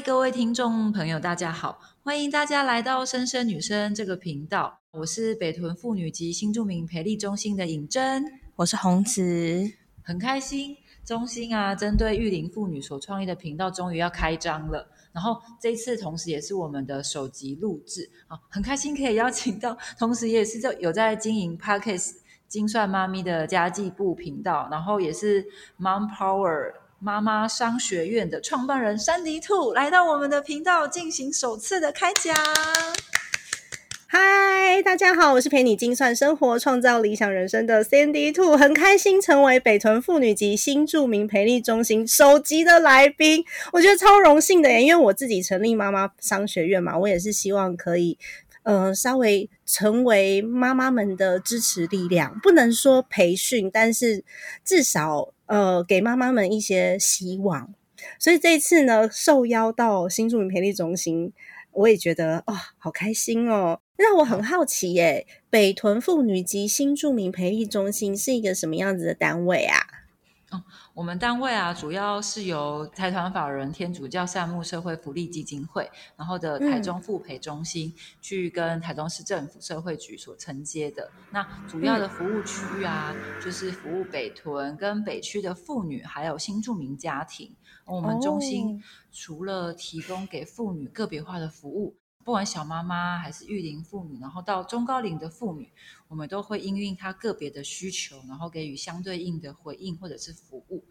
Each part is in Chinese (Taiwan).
各位聽眾朋友，大家好！歡迎大家來到“聲聲女聲”這個頻道。我是北屯婦女及新住民培力中心的尹珍，我是紅慈，很開心。中心啊，針對育齡婦女所創立的頻道終於要開張了。然後這次，同時也是我們的首集錄制啊，很開心可以邀請到，同時也是在有在經營 Podcast“ 精算媽咪”的家計簿頻道，然後也是 Mom Power。媽媽商學院的創辦人珊迪兔來到我們的頻道進行首次的開講。嗨，大家好，我是陪你精算生活、創造理想人生的珊迪兔，很開心成為北屯婦女及新住民培力中心首集的來賓，我覺得超榮幸的耶。因為我自己成立媽媽商學院嘛，我也是希望可以，呃，稍微成為媽媽們的支持力量，不能說培訓，但是至少。呃，給媽媽們一些希望，所以這一次呢，受邀到新住民培力中心，我也覺得哇、哦，好開心哦！讓我很好奇耶、欸，北屯婦女及新住民培力中心是一個什麼樣子的單位啊？嗯、我們單位啊，主要是由財團法人天主教善牧社會福利基金會，然後的台中復培中心，嗯、去跟台中市政府社會局所承接的。那主要的服務區域啊，嗯、就是服務北屯跟北區的婦女，還有新住民家庭。我們中心、哦、除了提供給婦女個別化的服務，不管小媽媽還是育齡婦女，然後到中高齡的婦女。我們都會因應他個別的需求，然後給予相對應的回應或者是服務，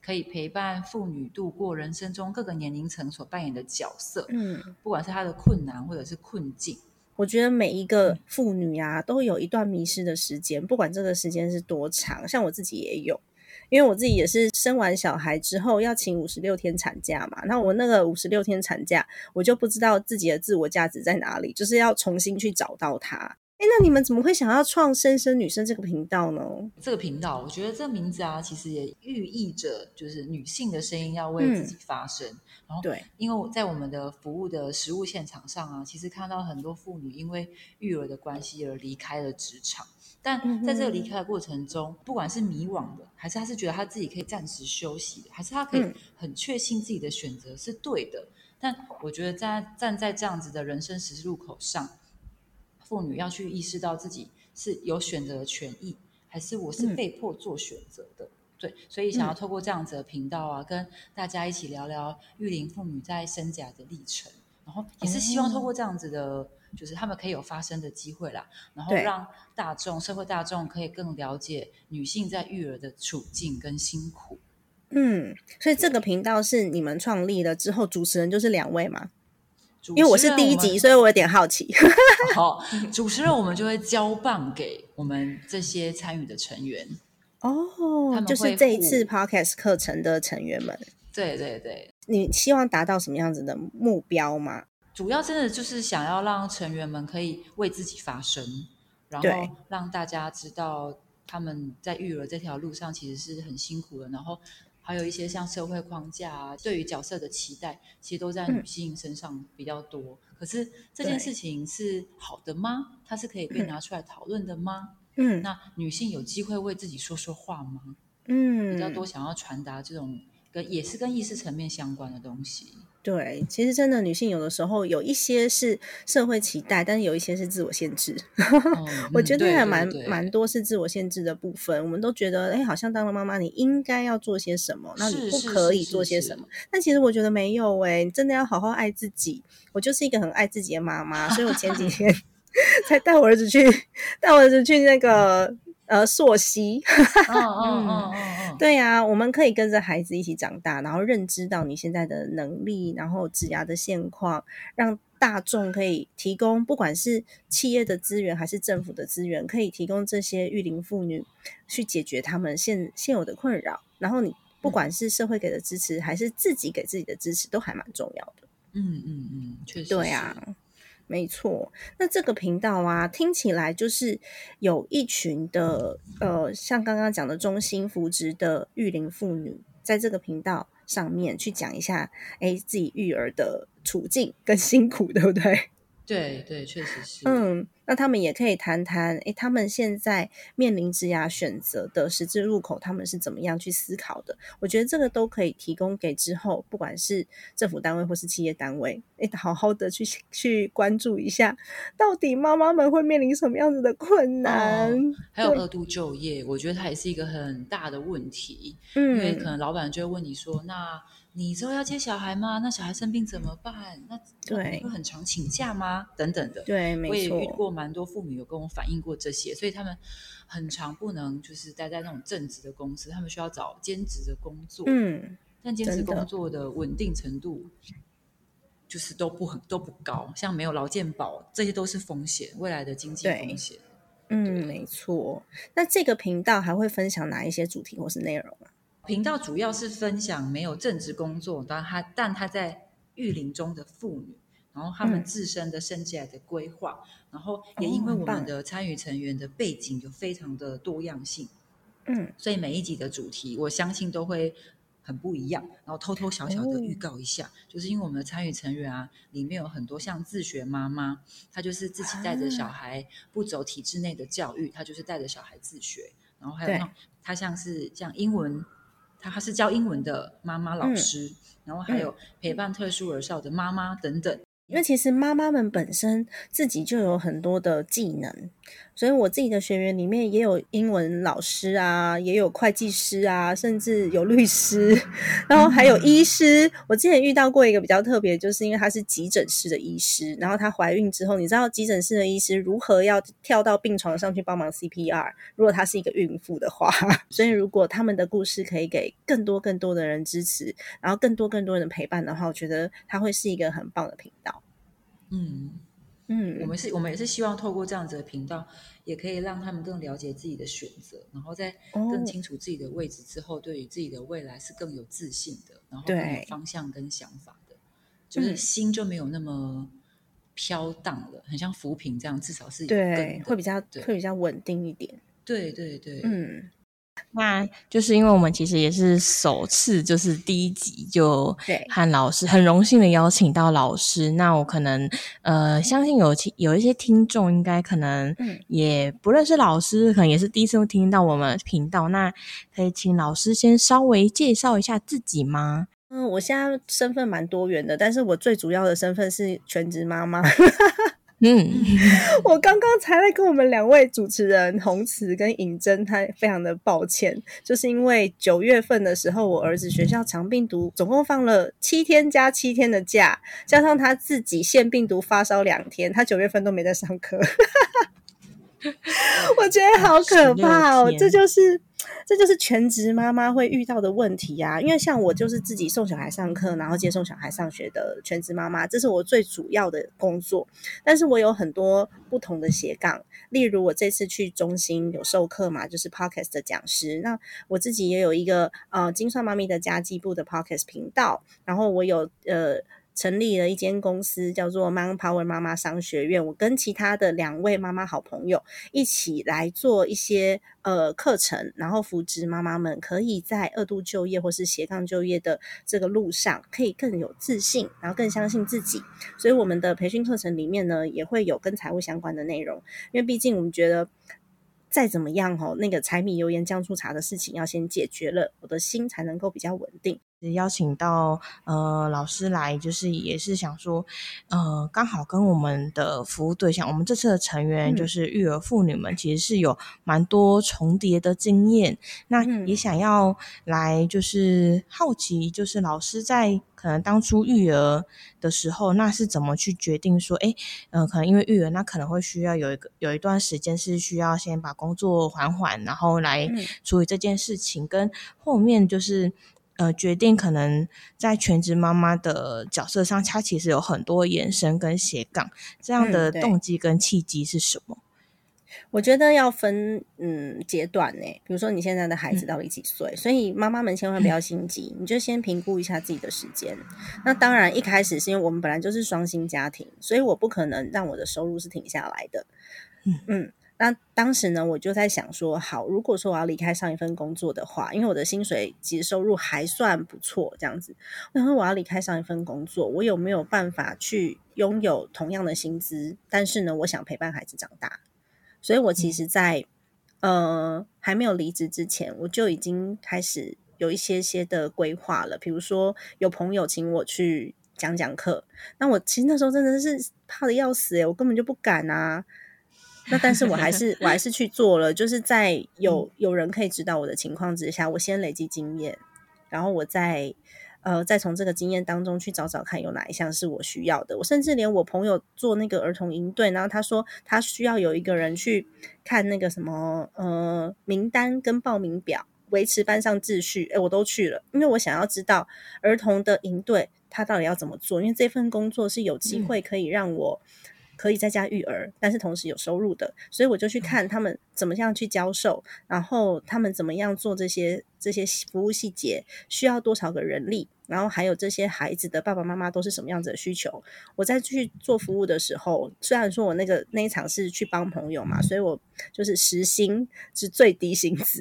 可以陪伴婦女度過人生中各個年齡層所扮演的角色。嗯，不管是她的困難或者是困境，我覺得每一個婦女啊，都有一段迷失的時間，不管這個時間是多長。像我自己也有，因為我自己也是生完小孩之後要請五十六天產假嘛。那我那個五十六天產假，我就不知道自己的自我價值在哪裡，就是要重新去找到它。哎，那你們怎麼會想要創“聲聲女聲”這個頻道呢？這個頻道，我覺得這個名字啊，其實也寓意着，就是女性的聲音要為自己發聲。嗯、然後，對，因為我在我們的服務的實務現場上啊，其實看到很多婦女因為育兒的關係而離開了職場，但在這個離開的過程中，嗯、哼不管是迷惘的，還是他是覺得他自己可以暫時休息的，還是他可以很確信自己的選擇是對的。嗯、但我覺得在，在站在這樣子的人生十字路口上。婦女要去意識到自己是有選擇的權益，還是我是被迫做選擇的？嗯、對，所以想要透過這樣子的頻道啊，嗯、跟大家一起聊聊育齡婦女在生子的歷程，然後也是希望透過這樣子的，嗯、就是他們可以有發聲的機會啦，然後讓大眾對社會大眾可以更了解女性在育兒的處境跟辛苦。嗯，所以這個頻道是你們創立了之後，對主持人就是兩位嘛？因為我是第一集，所以我有點好奇。好、哦， 主持人我們就會交棒給我們這些參與的成員哦，他們就是這一次 Podcast 課程的成員們。對對對，你希望達到什麼樣子的目標嗎？主要真的就是想要讓成員們可以為自己發聲，然後讓大家知道他們在育兒這條路上其實是很辛苦的，然後。還有一些像社會框架啊，對於角色的期待，其實都在女性身上比較多。嗯、可是這件事情是好的嗎？對它是可以被拿出來討論的嗎？嗯，那女性有機會為自己說說話嗎？嗯，比較多想要傳達這種跟也是跟意識層面相關的東西。對，其實真的女性有的時候有一些是社會期待，但是有一些是自我限制。 嗯、我覺得還蠻蠻多是自我限制的部分。我們都覺得，誒、欸、好像當了媽媽，你應該要做些什麼，那你不可以做些什麼？是是是是是，但其實我覺得沒有、欸，你真的要好好愛自己。我就是一個很愛自己的媽媽，所以我前幾天 才帶我兒子去，帶我兒子去那個。呃，溯溪，嗯，對呀，我們可以跟着孩子一起長大，然後認知到你現在的能力，然後職涯的現況，讓大眾可以提供，不管是企業的資源還是政府的資源，可以提供這些育齡婦女去解決他們現現有的困擾。然後你不管是社會給的支持，嗯、還是自己給自己的支持，都還蠻重要的。嗯嗯嗯，確實，對呀、啊。沒錯，那這個頻道啊，聽起來就是有一群的呃，像剛剛講的中心扶植的育齡婦女，在這個頻道上面去講一下，哎，自己育兒的處境跟辛苦，對不對？對對，確實是。嗯，那他們也可以談談，哎，他們現在面臨職業選擇的十字路口，他們是怎麼樣去思考的？我覺得這個都可以提供給之後，不管是政府單位或是企業單位，哎，好好的去去關注一下，到底媽媽們會面臨什麼樣子的困難？哦、還有二度就業，對我覺得它也是一個很大的問題。嗯，因為可能老板就會問你說，那。你說要接小孩嗎？那小孩生病怎麼辦？那，對那你會很常請假嗎？等等的。對，沒錯。我也遇過蠻多父母有跟我反映過這些，所以他們很常不能就是待在那種正職的公司，他們需要找兼職的工作。嗯，但兼職工作的穩定程度就是都不很的都不高，像沒有勞健保，這些都是風險，未來的經濟風險。對對嗯，沒錯。那這個頻道還會分享哪一些主題或是內容啊？頻道主要是分享沒有正職工作但他,但他在育齡中的婦女，然後他們自身的生計來的規劃，嗯、然後也因為我們的參與成員的背景有非常的多樣性，嗯，所以每一集的主題我相信都會很不一樣。然後偷偷小小的預告一下，嗯、就是因為我們的參與成員啊，裡面有很多像自學媽媽，她就是自己帶着小孩不走體制內的教育，啊、她就是帶着小孩自學，然後還有對她像是像英文。她是教英文的媽媽老師，嗯、然後還有陪伴特殊兒少的媽媽等等。因為其實媽媽們本身自己就有很多的技能。所以我自己的學員裡面也有英文老師啊，也有會計師啊，甚至有律師，然後還有醫師。我之前遇到過一個比較特別，就是因為他是急診室的醫師，然後他懷孕之後，你知道急診室的醫師如何要跳到病床上去幫忙 CPR，如果他是一個孕婦的話。所以如果他們的故事可以給更多更多的人支持，然後更多更多人的陪伴的話，我覺得他會是一個很棒的頻道。嗯。嗯，我們是，我們也是希望透過這樣子的頻道，也可以讓他們更了解自己的選擇，然後再更清楚自己的位置之後，哦、對於自己的未來是更有自信的，然後更有方向跟想法的，對就是心就沒有那麼飄蕩了，嗯、很像浮萍這樣，至少是有的對，對會比較對會比較穩定一點。對對對，嗯。那就是因為我們其實也是首次，就是第一集就對，和老師很榮幸的邀請到老師。那我可能呃，相信有有一些聽眾應該可能也不認識老師，可能也是第一次聽到我們頻道。那可以請老師先稍微介紹一下自己嗎？嗯，我現在身份蠻多元的，但是我最主要的身份是全職媽媽。 嗯， 我剛剛才來跟我們兩位主持人洪慈跟尹真，他非常的抱歉，就是因為九月份的時候，我兒子學校腸病毒，總共放了七天加七天的假，加上他自己腺病毒發燒兩天，他九月份都沒在上課， 我覺得好可怕哦，喔，十六天。這就是。這就是全職媽媽會遇到的問題啊！因為像我就是自己送小孩上課，然後接送小孩上學的全職媽媽，這是我最主要的工作。但是我有很多不同的斜槓，例如我這次去中心有授課嘛，就是 podcast 的講師。那我自己也有一個呃精算媽咪的家計簿的 podcast 頻道，然後我有呃。成立了一間公司，叫做 Man Power 媽媽商學院。我跟其他的兩位媽媽好朋友一起來做一些呃課程，然後扶植媽媽們可以在二度就業或是斜槓就業的這個路上可以更有自信，然後更相信自己。所以我們的培訓課程裡面呢，也會有跟財務相關的內容。因為畢竟我們覺得，再怎麼樣哦，那個柴米油鹽醬醋茶的事情要先解決了，我的心才能夠比較穩定。邀請到呃老師來，就是也是想說，呃，剛好跟我們的服務對象，我們這次的成員就是育兒婦女們，嗯、其實是有蠻多重疊的經驗。那也想要來，就是好奇，就是老師在可能當初育兒的時候，那是怎麼去決定說，誒，呃，可能因為育兒，那可能會需要有一個有一段時間是需要先把工作緩緩，然後來處理這件事情，跟後面就是。呃，決定可能在全職媽媽的角色上，她其實有很多延伸跟斜槓這樣的動機跟契機是什麼？嗯？我覺得要分嗯階段呢，欸，比如說你現在的孩子到底幾歲，嗯、所以媽媽們千萬不要心急，嗯、你就先評估一下自己的時間。那當然一開始是因為我們本來就是雙薪家庭，所以我不可能讓我的收入是停下來的，嗯。嗯那當時呢，我就在想說，好，如果說我要離開上一份工作的話，因為我的薪水及收入還算不錯，這樣子，然後我要離開上一份工作，我有沒有辦法去擁有同樣的薪資？但是呢，我想陪伴孩子長大，所以我其實，在呃還沒有離職之前，我就已經開始有一些些的規劃了。比如說有朋友請我去講講課，那我其實那時候真的是怕得要死、欸，誒我根本就不敢啊。 那但是我還是我還是去做了，就是在有有人可以指導我的情況之下，我先累積經驗，然後我再呃再從這個經驗當中去找找看有哪一項是我需要的。我甚至連我朋友做那個兒童營隊，然後他說他需要有一個人去看那個什麼呃名單跟報名表，維持班上秩序，哎，我都去了，因為我想要知道兒童的營隊他到底要怎麼做，因為這份工作是有機會可以讓我，嗯可以在家育兒，但是同時有收入的。所以我就去看他們怎麼樣去教授，然後他們怎麼樣做這些這些服務細節，需要多少個人力。然後還有這些孩子的爸爸媽媽都是什麼樣子的需求？我在去做服務的時候，雖然說我那個那一場是去幫朋友嘛，所以我就是時薪是最低薪資。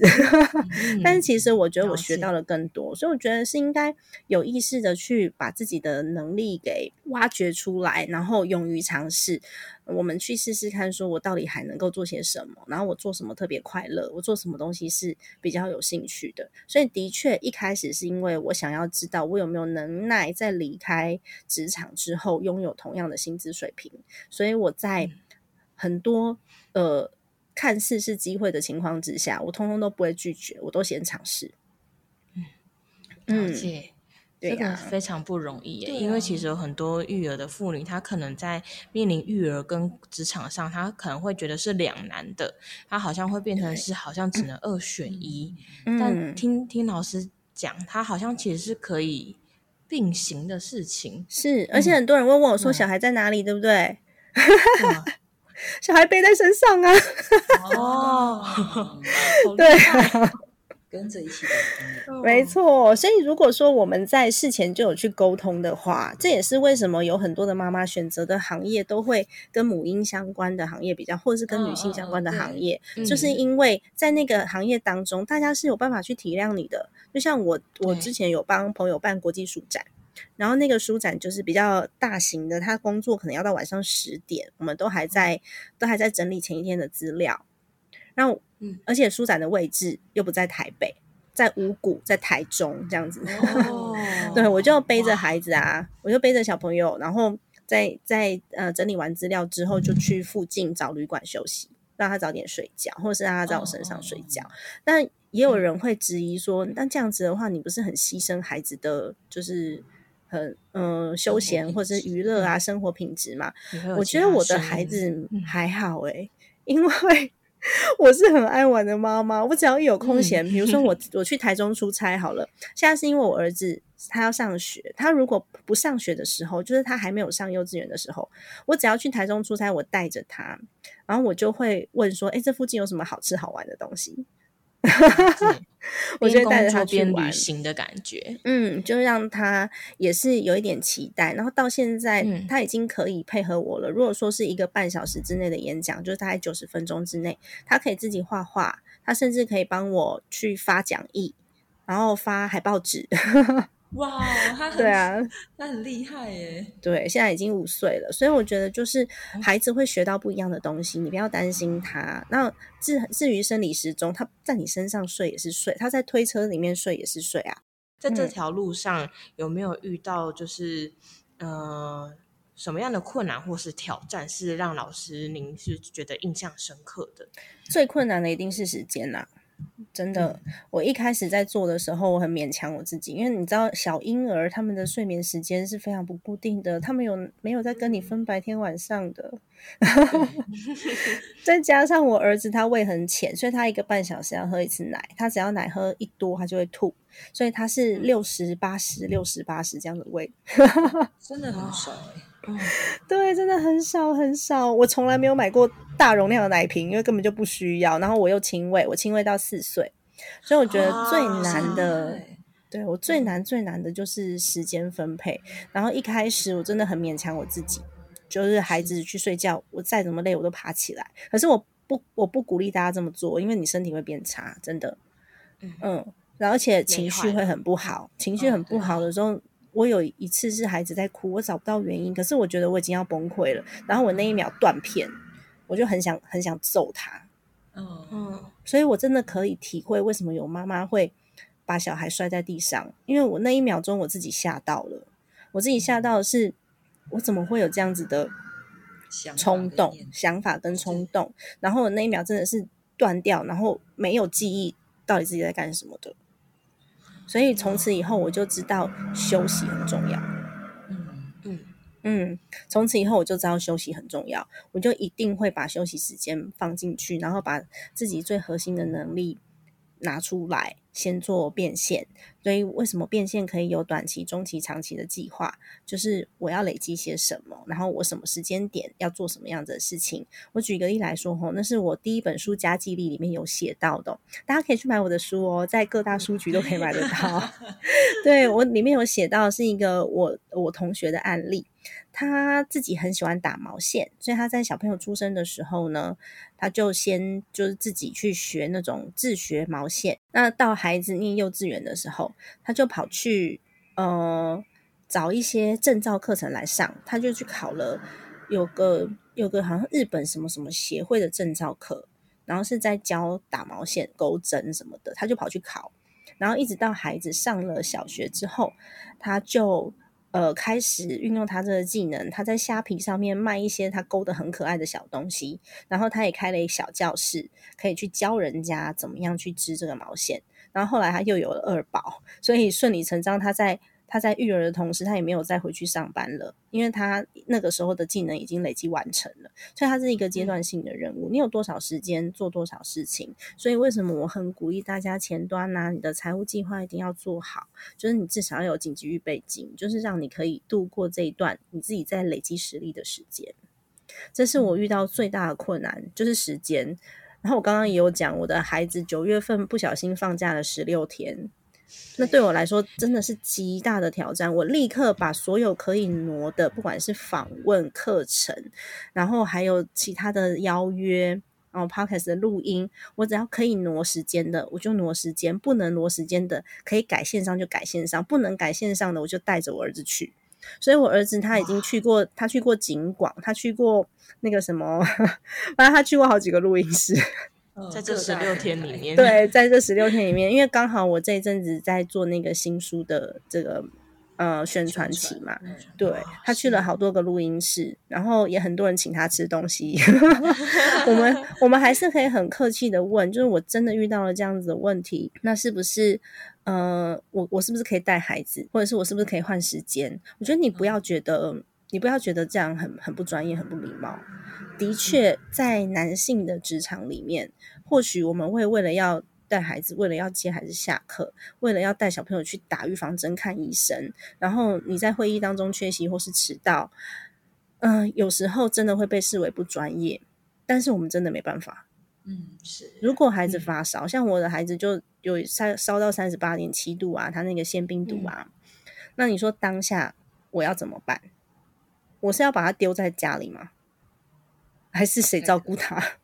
嗯， 但是其實我覺得我學到了更多，所以我覺得是應該有意識的去把自己的能力給挖掘出來，然後勇於嘗試，我們去試試看，說我到底還能夠做些什麼？然後我做什麼特別快樂？我做什麼東西是比較有興趣的？所以的確一開始是因為我想要知道有沒有能耐在離開職場之後擁有同樣的薪資水平？所以我在很多，嗯、呃看似是機會的情況之下，我通通都不會拒絕，我都先嘗試。嗯，了解，嗯、對、啊、非常不容易對後因為其實有很多育兒的婦女，她可能在面臨育兒跟職場上，她可能會覺得是兩難的，她好像會變成是好像只能二選一。對嗯、但聽聽老師。講，它好像其實是可以並行的事情，是，而且很多人會問我說：“小孩在哪裡？”嗯、對不對？嗯、 小孩背在身上啊 ！哦，哦對。跟着一起的，哦、沒錯。所以如果說我們在事前就有去溝通的話，這也是為什麼有很多的媽媽選擇的行業都會跟母嬰相關的行業比較，或者是跟女性相關的行業，哦哦就是因為在那個行業當中，嗯、大家是有辦法去體諒你的。就像我，我之前有幫朋友辦國際書展，對然後那個書展就是比較大型的，他工作可能要到晚上十點，我們都還在，都還在整理前一天的資料，然後。而且書展的位置又不在台北，在五股，在台中這樣子。 對，我就背着孩子啊，哇我就背着小朋友，然後在在呃整理完資料之後，就去附近找旅館休息，嗯、讓他早點睡覺，或是讓他在我身上睡覺。哦、但也有人會質疑說，那、嗯、這樣子的話，你不是很犧牲孩子的，就是很、呃休閒是啊、嗯休閒或者娛樂啊生活品質嘛？我覺得我的孩子還好哎、欸，嗯、因為。 我是很愛玩的媽媽，我只要一有空閒，嗯、比如說我我去台中出差好了。 現在是因為我兒子他要上學，他如果不上學的時候，就是他還沒有上幼稚園的時候，我只要去台中出差，我帶着他，然後我就會問說：誒、欸，這附近有什麼好吃好玩的東西？哈哈， 我就帶着他邊旅行的感覺。嗯，就讓他也是有一點期待。然後到現在，他已經可以配合我了。如果說是一個半小時之內的演講，就是大概九十分鐘之內，他可以自己畫畫，他甚至可以幫我去發講義，然後發海報紙。 哇，wow, 他很、 啊、他很厲害耶。對，現在已經五歲了，所以我覺得就是孩子會學到不一樣的東西，你不要擔心他。那至至於生理時鐘，他在你身上睡也是睡，他在推車裡面睡也是睡啊。在這條路上有沒有遇到就是、嗯、呃什麼樣的困難或是挑戰，是讓老師您是覺得印象深刻的？最、嗯、困難的一定是時間啊。真的，我一開始在做的時候，我很勉強我自己，因為你知道，小嬰兒他們的睡眠時間是非常不固定的，他們有沒有在跟你分白天晚上的？ 再加上我兒子他胃很淺，所以他一個半小時要喝一次奶，他只要奶喝一多，他就會吐，所以他是六十八十、六十八十這樣的胃， 真的很少欸。嗯、對，真的很少很少，我從來沒有買過大容量的奶瓶，因為根本就不需要。然後我又親餵，我親餵到四歲，所以我覺得最難的，哦啊、對我最難最難的就是時間分配。嗯、然後一開始我真的很勉強我自己，就是孩子去睡覺，我再怎麼累我都爬起來。可是我不，我不鼓勵大家這麼做，因為你身體會變差，真的，嗯嗯，而且情緒會很不好，情緒很不好的時候。哦我有一次是孩子在哭，我找不到原因，可是我覺得我已經要崩潰了，然後我那一秒斷片，我就很想很想揍他，嗯、哦、所以我真的可以體會為什麼有媽媽會把小孩摔在地上，因為我那一秒鐘我自己嚇到了，我自己嚇到的是，我怎麼會有這樣子的衝動想法，想法跟衝動，對然後我那一秒真的是斷掉，然後沒有記憶到底自己在幹什麼的。所以從此以後，我就知道休息很重要。嗯嗯嗯，從此以後我就知道休息很重要，我就一定會把休息時間放進去，然後把自己最核心的能力拿出來。先做變現，所以為什麼變現可以有短期、中期、長期的計劃？就是我要累積些什麼，然後我什麼時間點要做什麼樣子的事情。我舉個例來說，哈，那是我第一本書《加記憶》裡面有寫到的，大家可以去買我的書哦，在各大書局都可以買得到。 對，我裡面有寫到是一個我我同學的案例。他自己很喜歡打毛線，所以他在小朋友出生的時候呢，他就先就是自己去學那種自學毛線。那到孩子念幼稚園的時候，他就跑去呃找一些證照課程來上，他就去考了，有個有個好像日本什麼什麼協會的證照課，然後是在教打毛線、鈎針什麼的，他就跑去考。然後一直到孩子上了小學之後，他就。呃，開始運用他這個技能，他在蝦皮上面賣一些他勾的很可愛的小東西，然後他也開了一個小教室，可以去教人家怎麼樣去織這個毛線，然後後來他又有了二寶，所以順理成章他在。他在育兒的同時，他也沒有再回去上班了，因為他那個時候的技能已經累積完成了，所以他是一個階段性的任務。你有多少時間做多少事情，所以為什麼我很鼓勵大家前端呢啊？你的財務計劃一定要做好，就是你至少要有緊急預備金，就是讓你可以度過這一段你自己在累積實力的時間。這是我遇到最大的困難，就是時間。然後我剛剛也有講，我的孩子九月份不小心放假了十六天。那對我來說真的是極大的挑戰。我立刻把所有可以挪的，不管是訪問課程，然後還有其他的邀約，然後 podcast 的錄音，我只要可以挪時間的，我就挪時間；不能挪時間的，可以改線上就改線上，不能改線上的，我就帶着我兒子去。所以我兒子他已經去過，哇他去過景廣，他去過那個什麼，呵呵反正，他去過好幾個錄音室。Oh, 在這十六天裡面大大，對，在這十六天裡面， 因為剛好我這一陣子在做那個新書的這個呃宣傳期嘛，對，他去了好多個錄音室，然後也很多人請他吃東西。 我們我們還是可以很客氣的問，就是我真的遇到了這樣子的問題，那是不是呃，我我是不是可以帶孩子，或者是我是不是可以換時間？我覺得你不要覺得。你不要覺得這樣很很不專業、很不禮貌。的確，在男性的職場裡面，或許我們會為了要帶孩子、為了要接孩子下課、為了要帶小朋友去打預防針、看醫生，然後你在會議當中缺席或是遲到，嗯、呃，有時候真的會被視為不專業。但是我們真的沒辦法。嗯，是。如果孩子發燒，嗯、像我的孩子就有三燒到三十八點七度啊，他那個腺病毒啊，嗯、那你說當下我要怎麼辦？我是要把它丟在家裡嗎？還是誰照顧他？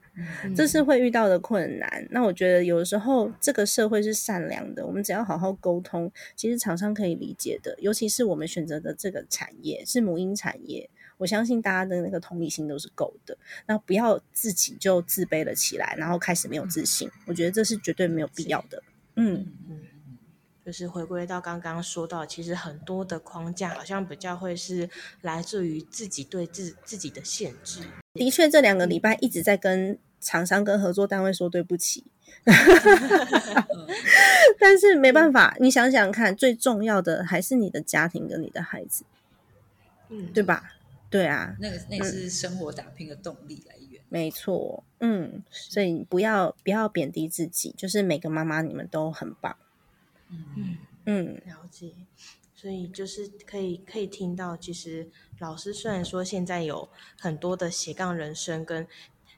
這是會遇到的困難。嗯、那我覺得，有時候這個社會是善良的，我們只要好好溝通，其實廠商可以理解的。尤其是我們選擇的這個產業是母嬰產業，我相信大家的那個同理心都是夠的。那不要自己就自卑了起來，然後開始沒有自信。我覺得這是絕對沒有必要的。嗯。就是回歸到剛剛說到，其實很多的框架好像比較會是來自於自己對自自己的限制。的確，這兩個禮拜一直在跟廠商、跟合作單位說對不起， 但是沒辦法，你想想看，最重要的還是你的家庭跟你的孩子，嗯，對吧？對啊，那個那是生活打拼的動力來源。嗯，沒錯，嗯，所以不要不要貶低自己，就是每個媽媽，你們都很棒。嗯嗯了解。所以就是可以可以聽到，其實老師雖然說現在有很多的斜槓人生跟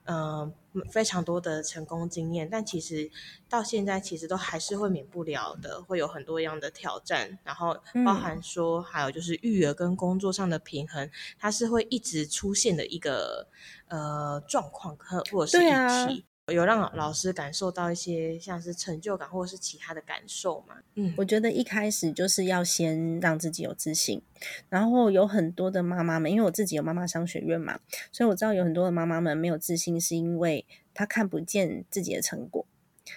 嗯、呃、非常多的成功經驗，但其實到現在其實都還是會免不了的，會有很多樣的挑戰。然後包含說還有就是育兒跟工作上的平衡，嗯、它是會一直出現的一個呃狀況，和或是一體。有讓老師感受到一些像是成就感或者是其他的感受嗎？嗯，我覺得一開始就是要先讓自己有自信，然後有很多的媽媽們，因為我自己有媽媽商學院嘛，所以我知道有很多的媽媽們沒有自信，是因為她看不見自己的成果。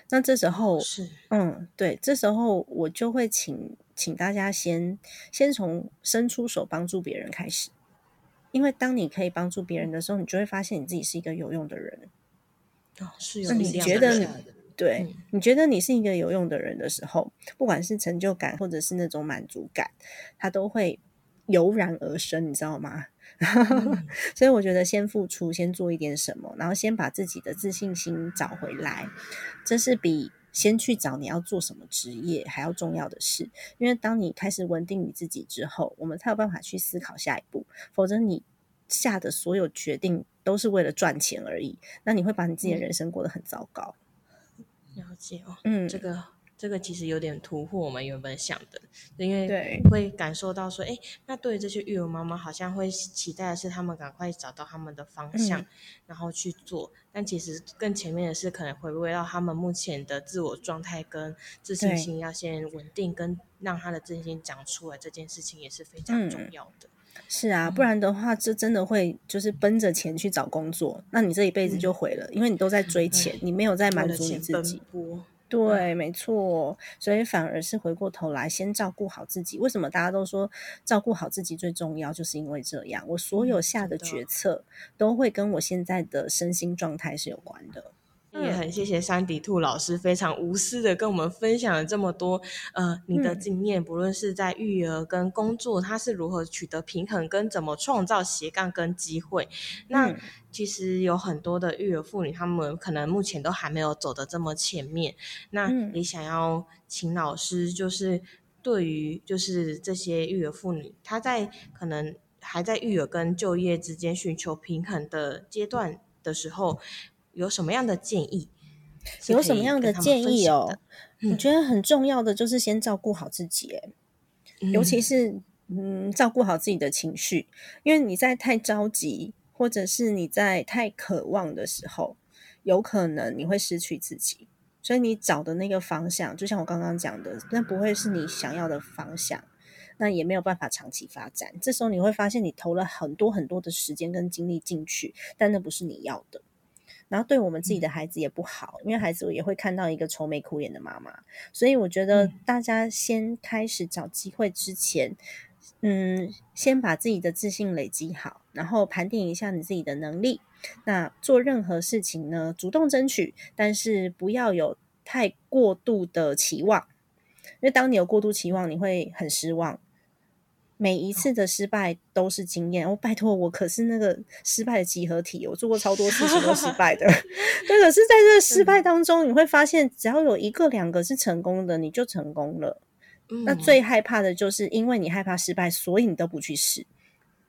那這時候，是，嗯，對，這時候我就會請請大家先先從伸出手幫助別人開始，因為當你可以幫助別人的時候，你就會發現你自己是一個有用的人。哦，是有，那你覺得你，對，嗯，你覺得你是一個有用的人的時候，不管是成就感或者是那種滿足感，它都會油然而生，你知道嗎？ 嗯，所以我覺得先付出，先做一點什麼，然後先把自己的自信心找回來，這是比先去找你要做什麼職業還要重要的事。因為當你開始穩定你自己之後，我們才有辦法去思考下一步。否則你下的所有決定，都是為了賺錢而已，那你會把你自己的人生過得很糟糕。嗯、了解哦，嗯，這個這個其實有點突破我們原本想的，因為會感受到說，哎對，那對於這些育兒媽媽，好像會期待的是他們趕快找到他們的方向，嗯、然後去做。但其實更前面的是，可能回歸到他們目前的自我狀態跟自信心，要先穩定，對跟讓他的自信心長出來這件事情也是非常重要的。嗯是啊，不然的話，這真的會就是奔着錢去找工作，嗯、那你這一輩子就毀了，嗯、因為你都在追錢，唉你沒有在滿足你自己。對，嗯、沒錯，所以反而是回過頭來先照顧好自己。為什麼大家都說照顧好自己最重要，就是因為這樣。我所有下的決策都會跟我現在的身心狀態是有關的。嗯、也很謝謝珊迪兔老師非常無私地跟我們分享了這麼多，呃，你的經驗，嗯、不論是在育兒跟工作，他是如何取得平衡，跟怎麼創造斜槓跟機會。那、嗯、其實有很多的育兒婦女，她們可能目前都還沒有走得這麼前面。那你、嗯、想要請老師，就是對於就是這些育兒婦女，她在可能還在育兒跟就業之間尋求平衡的階段的時候。有什麼樣的建議的？有什麼樣的建議哦？我、嗯、覺得很重要的就是先照顧好自己，嗯、尤其是嗯，照顧好自己的情緒。因為你在太着急，或者是你在太渴望的時候，有可能你會失去自己。所以你找的那個方向，就像我剛剛講的，那不會是你想要的方向，那也沒有辦法長期發展。這時候你會發現，你投了很多很多的時間跟精力進去，但那不是你要的。然後對我們自己的孩子也不好，嗯、因為孩子也會看到一個愁眉苦臉的媽媽，所以我覺得大家先開始找機會之前，嗯，嗯，先把自己的自信累積好，然後盤點一下你自己的能力。那做任何事情呢，主動爭取，但是不要有太過度的期望，因為當你有過度期望，你會很失望。每一次的失敗都是經驗。我、哦、拜託，我可是那個失敗的集合體，我做過超多事情都失敗的。 對，可是在這個失敗當中，你會發現，只要有一個、兩個是成功的，你就成功了。嗯、那最害怕的就是，因為你害怕失敗，所以你都不去試，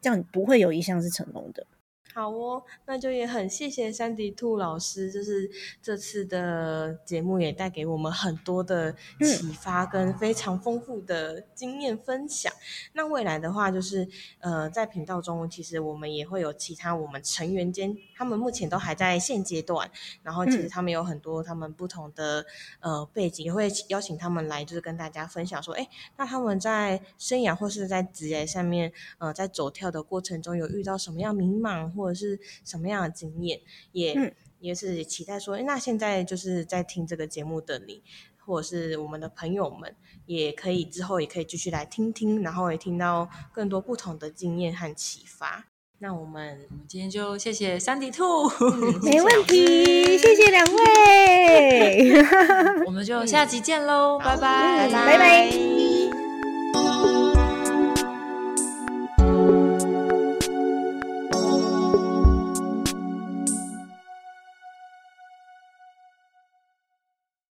這樣你不會有一項是成功的。好哦，那就也很謝謝珊迪兔老師，就是這次的節目也帶給我們很多的啟發跟非常豐富的經驗分享。嗯、那未來的話，就是呃，在頻道中，其實我們也會有其他我們成員間，他們目前都還在現階段，然後其實他們有很多他們不同的呃背景，也會邀請他們來，就是跟大家分享說，哎，那他們在生涯或是在職業上面，呃，在走跳的過程中有遇到什麼樣迷茫？或者是什麼樣的經驗，也、嗯、也是期待說，那現在就是在聽這個節目的你，或者是我們的朋友們，也可以之後也可以繼續來聽聽，然後也聽到更多不同的經驗和啟發。那我們，我們今天就謝謝珊迪兔， 謝謝，沒問題，謝謝兩位， 我們就下集見嘍，嗯拜嗯，拜拜，拜拜。